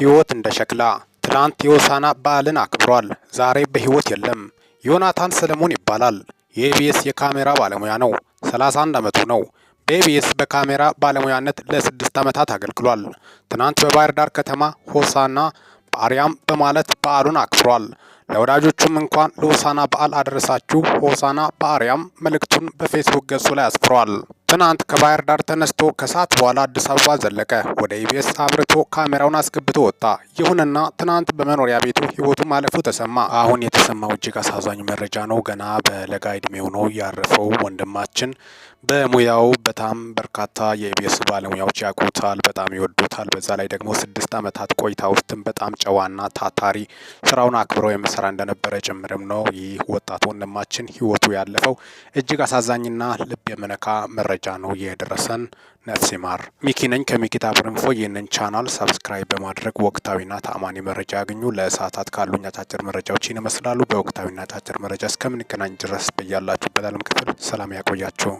ህይወት እንደ ሸክላ። ትናንት የሆሳዕና በዓልን አክብሯል። ዛሬ በህይወት የለም። ዮናታን ሰለሞን ይባላል። የኢቢኤስ የካሜራ ባለሙያ ነው። 31 ዓመቱ ነው። በኢቢኤስ በካሜራ ባለሙያነት ለስድስት ዓመታት አገልግሏል። ትናንት በባህር ዳር ከተማ ሆሳዕና በአርያም በማለት በዓሉን አክብሯል። ለወዳጆቹም እንኳን ለሆሳዕና በዓል አደረሳችሁ ሆሳዕና በአርያም መልእክቱን በፌስቡክ ገጹ ላይ አስፍሯል። ትናንት ከባህር ዳር ተነስቶ ከሰዓት በኋላ አዲስ አበባ ዘለቀ። ወደ ኢቢኤስ አብርቶ ካሜራውን አስገብቶ ወጣ። ይሁንና ትናንት በመኖሪያ ቤቱ ህይወቱ ማለፉ ተሰማ። አሁን የተሰማው እጅግ አሳዛኝ መረጃ ነው። ገና በለጋ ዕድሜው ነው ያረፈው ወንድማችን። በሙያው በጣም በርካታ የኢቢኤስ ባለሙያዎች ያውቁታል፣ በጣም ይወዱታል። በዛ ላይ ደግሞ ስድስት ዓመታት ቆይታ ውስጥም በጣም ጨዋና ታታሪ ስራውን አክብረው የሚሰራ እንደነበረ ጭምርም ነው። ይህ ወጣት ወንድማችን ህይወቱ ያለፈው እጅግ አሳዛኝና ልብ የሚነካ መረጃ መረጃ ነው የደረሰን። ነፍስ ማር ሚኪ ነኝ ከሚኪታ ብርንፎ። ይህንን ቻናል ሰብስክራይብ በማድረግ ወቅታዊና ተአማኒ መረጃ ያግኙ። ለእሳታት ካሉኝ አጫጭር መረጃዎች ይመስላሉ። በወቅታዊና አጫጭር መረጃ እስከምንገናኝ ድረስ በያላችሁበት ዓለም ክፍል ሰላም ያቆያችሁ።